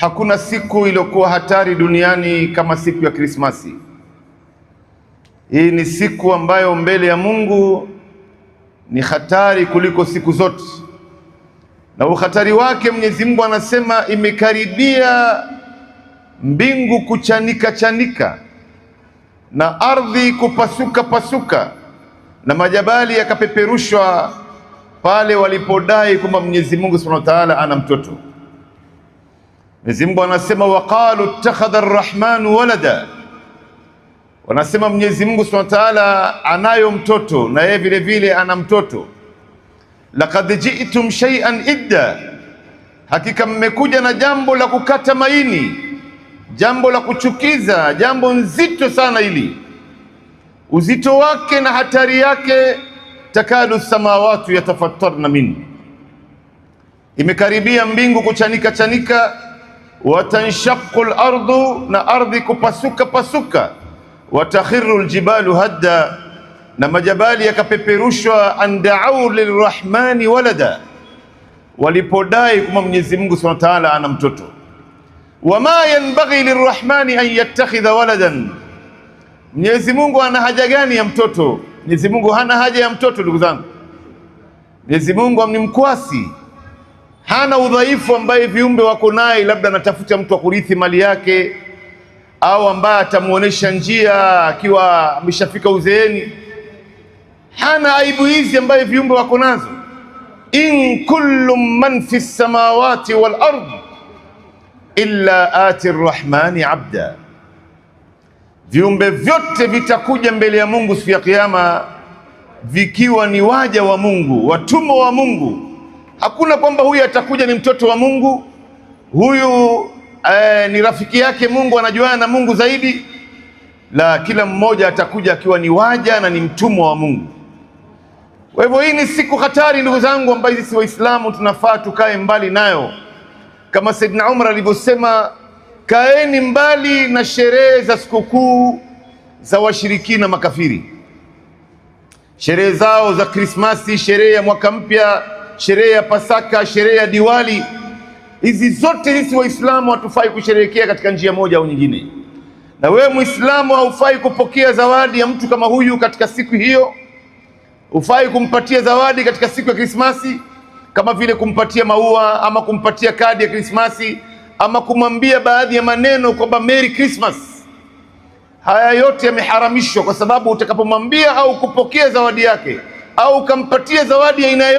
Hakuna siku iliyokuwa hatari duniani kama siku ya Krismasi. Hii ni siku ambayo mbele ya Mungu ni hatari kuliko siku zote, na uhatari wake Mwenyezi Mungu anasema imekaribia mbingu kuchanika chanika na ardhi kupasuka pasuka na majabali yakapeperushwa pale walipodai kwamba Mwenyezi Mungu Subhanahu wa Ta'ala ana mtoto. Mwenyezi Mungu anasema waqalu ittakhadha arrahman walada, wanasema Mwenyezi Mungu Subhanahu wa Ta'ala anayo mtoto na yeye vile vile ana mtoto. Laqad ji'tum shay'an idda, hakika mmekuja na jambo la kukata maini, jambo la kuchukiza, jambo nzito sana hili, uzito wake na hatari yake. Takadu samawati yatafattarna min, imekaribia mbingu kuchanika chanika watanshaqu lardu, na ardhi kupasuka pasuka, watakhiru ljibalu hadda, na majabali yakapeperushwa. Andaau lirrahmani walada, walipodai kwamba Mwenyezi Mungu subhanahu wa taala ana mtoto. Wama yanbaghi lirrahmani an yattakhidha waladan, Mwenyezi Mungu ana haja gani ya mtoto? Mwenyezi Mungu hana haja ya mtoto, ndugu zangu. Mwenyezi Mungu ni mkwasi hana udhaifu ambaye viumbe wako naye, labda anatafuta mtu wa kurithi mali yake au ambaye atamuonesha njia akiwa ameshafika uzeeni. Hana aibu hizi ambaye viumbe wako nazo. in kullu man fi samawati wal ardi illa ati rrahmani abda, viumbe vyote vitakuja mbele ya Mungu siku ya Kiyama vikiwa ni waja wa Mungu, watumwa wa Mungu Hakuna kwamba huyu atakuja ni mtoto wa Mungu, huyu eh, ni rafiki yake Mungu, anajuana na Mungu zaidi. La, kila mmoja atakuja akiwa ni waja na ni mtumwa wa Mungu. Kwa hivyo hii ni siku hatari, ndugu zangu, ambayo sisi Waislamu tunafaa tukae mbali nayo, kama Saidina Umar alivyosema, kaeni mbali na sherehe za sikukuu za washirikina makafiri, sherehe zao za Krismasi, sherehe ya mwaka mpya sherehe ya Pasaka, sherehe ya Diwali, hizi zote sisi Waislamu hatufai kusherehekea katika njia moja au nyingine. Na wewe Muislamu haufai kupokea zawadi ya mtu kama huyu katika siku hiyo, hufai kumpatia zawadi katika siku ya Krismasi kama vile kumpatia maua ama kumpatia kadi ya Krismasi ama kumwambia baadhi ya maneno kwamba Merry Christmas. Haya yote yameharamishwa, kwa sababu utakapomwambia au kupokea zawadi yake au ukampatia zawadi ya aina